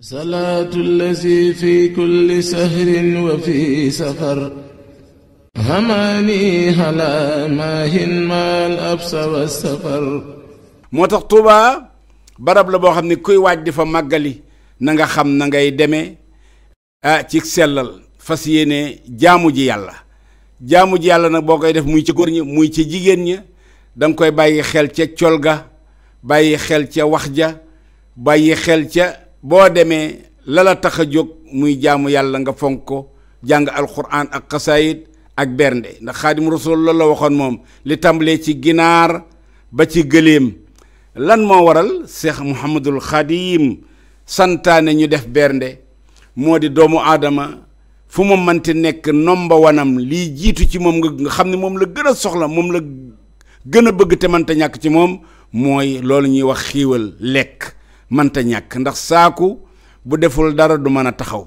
salaatu moo tax Tuubaa barab la boo xam ne kuy waaj di fa màggali na nga xam na ngay deme ah ci sellal fas yéene jaamu ji yàlla jaamu ji yàlla nag boo koy def muy ca kor ñi muy ci jigéen ña danga koy bàyyi xel ca col ga bàyyi xel ca wax ja bàyyi xel ca boo demee lala tax a jóg muy jaamu yàlla nga fonk ko jàng alquran ak xasaayit ak bernde ndax xaadim rasul loolu la waxoon moom li tàmbalee ci ginaar ba ci gëléem lan moo waral seex muhammadul xaadim santaane ñu def bernde moo di doomu aadama fu mu mënti nekk nomba wanam lii jiitu ci moom nga xam ne moom la gën a soxla moom la gën a bëgg te mënta ñàkk ci moom mooy loolu ñuy wax xiiwal lekk manta ñàkk ndax saaku bu deful dara du mën a taxaw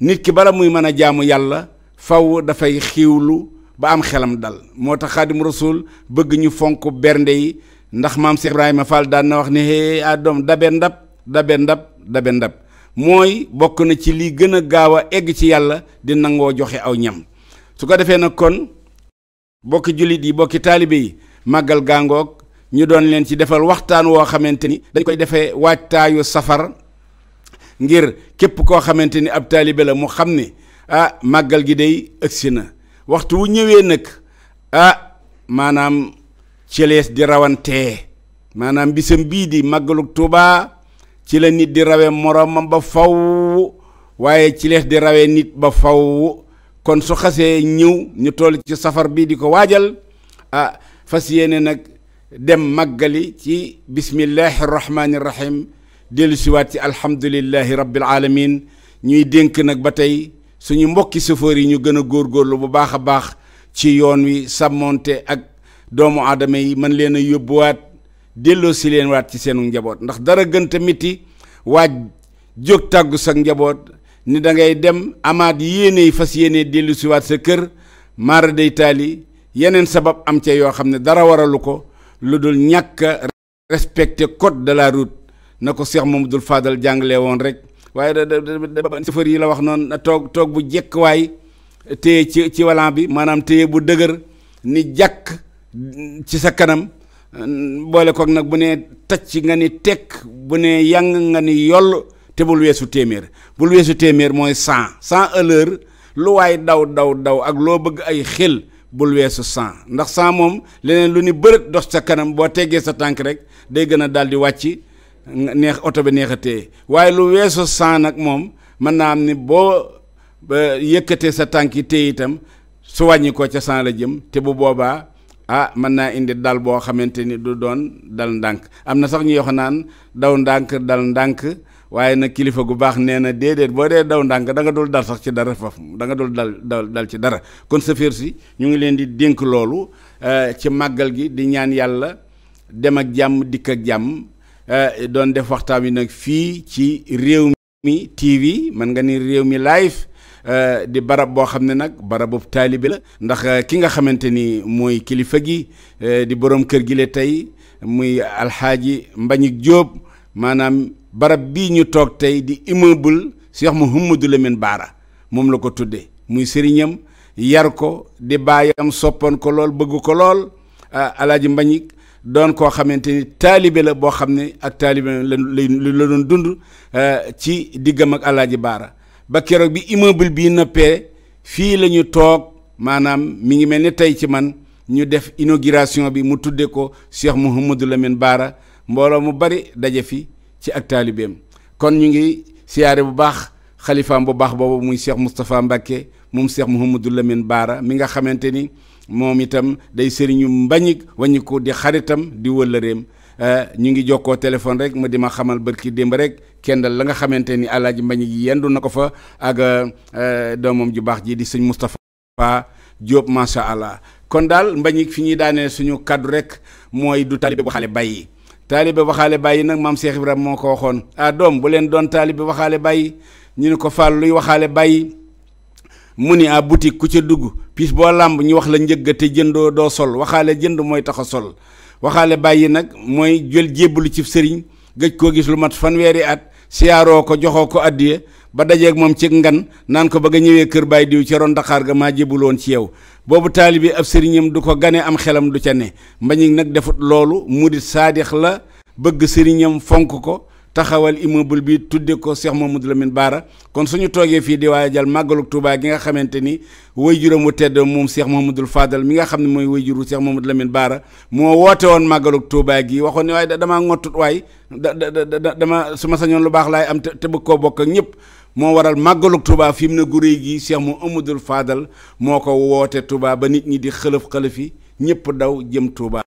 nit ki bala muy mën a jaamu yàlla faw dafay xiiwlu ba am xelam dal moo tax xaadim rasul bëgg ñu fonk bernde yi ndax maam Cheikh ma Fall daan na wax ne hee ah doom dabe ndab dabe ndab dabe ndab mooy bokk na ci li gën a gaaw a egg ci yàlla di nangoo joxe aw ñam su ko defee nag kon bokki jullit yi bokki taalibe yi màggal gaangoog ñu doon leen ci defal waxtaan woo xamante ni dañ koy defee waajtaayu safar ngir képp koo xamante ni ab taalibe la mu xam ni ah màggal gi day ëgsi na waxtu wu ñëwee nag ah maanaam cëlees di rawantee maanaam bisam bii di màggalug Tuubaa ci la nit di rawe moromam ba faw waaye cëlees di rawe nit ba faw kon su xasee ñëw ñu toll ci safar bii di ko waajal ah fas yéene nag dem màggali ci bismillahi rahmaani rahim dellusiwaat ci alhamdulillahi rabbil alamin ñuy dénk nag ba tey suñu mbokki chauffeur yi ñu gën a góorlu bu baax a baax ci yoon wi sàmmoonte ak doomu aadama yi mën leen a yóbbuwaat delloo si leen waat ci seenu njaboot ndax dara gënta miti waaj jóg tàggu sa njaboot ni da ngay dem amaat yéene fas yéene dellusiwaat sa kër maara day taali yeneen sabab am ca yoo xam ne dara waralu ko lu dul ñàkk a respecté code de la route na ko Cheikh Mamadou Fadal jàngale woon rek waaye da da chauffeur yi la wax noonu toog toog bu jekk waay téye ci ci volant bi maanaam téye bu dëgër ni jàkk ci sa kanam boole koog nag bu nee tacc nga ni tekk bu nee yang nga ni yoll te bul weesu téeméer bul weesu téeméer mooy cent cent à lu waay daw daw daw ak loo bëgg ay xel bul weesu cent ndax cent moom leneen lu ni bërët dox sa kanam boo teggee sa tànk rek day gën a daal di wàcc neex oto bi neex a téye waaye lu weesu cent nag moom mën naa am ni boo yëkkatee sa tànk yi téye itam su wàññi ca san la jëm te bu boobaa a ah, mën naa indi dal boo xamante ni du doon dal ndànk am na sax ñu yox naan daw ndànk dal ndànk waaye nag kilifa gu baax nee na déedéet boo dee daw ndànk danga nga dul dal sax ci dara faf da nga dul dal dal dal ci dara kon sa safar si ñu ngi leen di dénk loolu euh, ci màggal gi di ñaan yàlla dem ak jàmm dikk ak jàmm euh, doon def waxtaan wi nag fii ci réew mi TV mën nga ni réew mi live euh, di barab boo xam ne nag barabu taalibi la ndax ki nga xamante ni mooy kilifa gi di borom kër gi la tey muy alxaaji Mbagnick Diop maanaam barab bii ñu toog tey di immeuble mu Mouhamadou Lamine Baara moom la ko tuddee muy sëriñam yar ko di baayam soppoon ko lool bëgg ko lool alaaji ah, Mbañik doon koo xamante ni taalibe la boo xam ne ak taalibe la la doon dund ah, ci diggam ak alaaji Baara ba keroog bi immeuble bii noppee fii la ñu toog maanaam mi ngi mel ni tey ci man ñu def inauguration bi mu tuddee ko Cheikh Mouhamadou Lamine Baara mbooloo mu bari daje fi ci ak taalibeem kon ñu ngi siyaare bu baax xalifaam bu baax boobu muy Cheikh Moustapha Mbacke moom Cheikh Mouhamadou Lamine Baara mi nga xamante ni moom itam day sëriñu mbañik wañiku di xaritam di wëllëreem euh, ñu ngi jokkoo téléphone rek ma di ma xamal barki démb rek kenn la nga xamante ni alaaji mbañik yendu na ko fa ak euh, euh, doomam ju baax ji di sëñ Moustapha Diop macha allah kon daal mbañik fi ñuy daanee suñu kàddu rek mooy du taalibe bu xale bàyyi taalibe waxaale bàyyi nag maam Cheikh Ibrahima moo ko waxoon a ah, doom bu leen doon taalibe waxaale bàyyi ñu ne ko Fall luy waxaale bàyyi mu ni ah boutique ku ca dugg puis boo làmb ñu wax la njëgg te jëndoo doo sol waxaale jënd mooy tax a sol waxaale bàyyi nag mooy jël lu ci sëriñ gëj koo gis lu mat fanweeri at siyaaroo ko joxoo ko addiye ba dajeeg moom ci ngan naan ko ba nga ñëwee kër baay diw ci ron daxaar ga maa jébuloon ci yow boobu taalibi ab sëriñam du ko gane am xelam du ca ne mbañig nag defut loolu mu di saadix la bëgg sëriñam fonk ko taxawal immeuble bi tuddee ko Cheikh Mamadou Lamine Baara kon suñu toogee fii di waaye waajal màggalu Touba gi nga xamante ni wayjuram wu tedd moom Cheikh Mamadou Fadal mi nga xam ne mooy wayjuru Cheikh Mamadou Lamine Baara moo woote woon màggalu Touba gi waxoon ne waaye damaa ngottut waay dama su ma sañoon lu baax laay am te bëgg koo bokk ak ñëpp moo waral màggalug Touba fi mu ne gu réy gi Cheikh Mouhamadoul faadal moo ko woote Touba ba nit ñi di xëlëf xëlëfi ñëpp daw jëm Touba.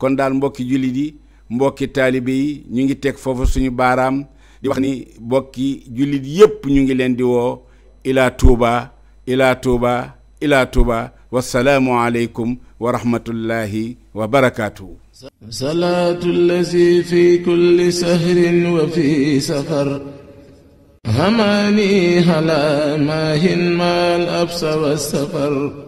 kon daal mbokki jullit yi mbokki taalibe yi ñu ngi teg foofu suñu baaraam di wax ni mbokki jullit yépp ñu ngi leen di woo ilaa Touba ilaa Touba ilaa Touba wassalaamu aleykum wa rahmatullahi salaatu llazi fi kulli sahrin wa fi safar هماني هلا ما هن ما الأبس والسفر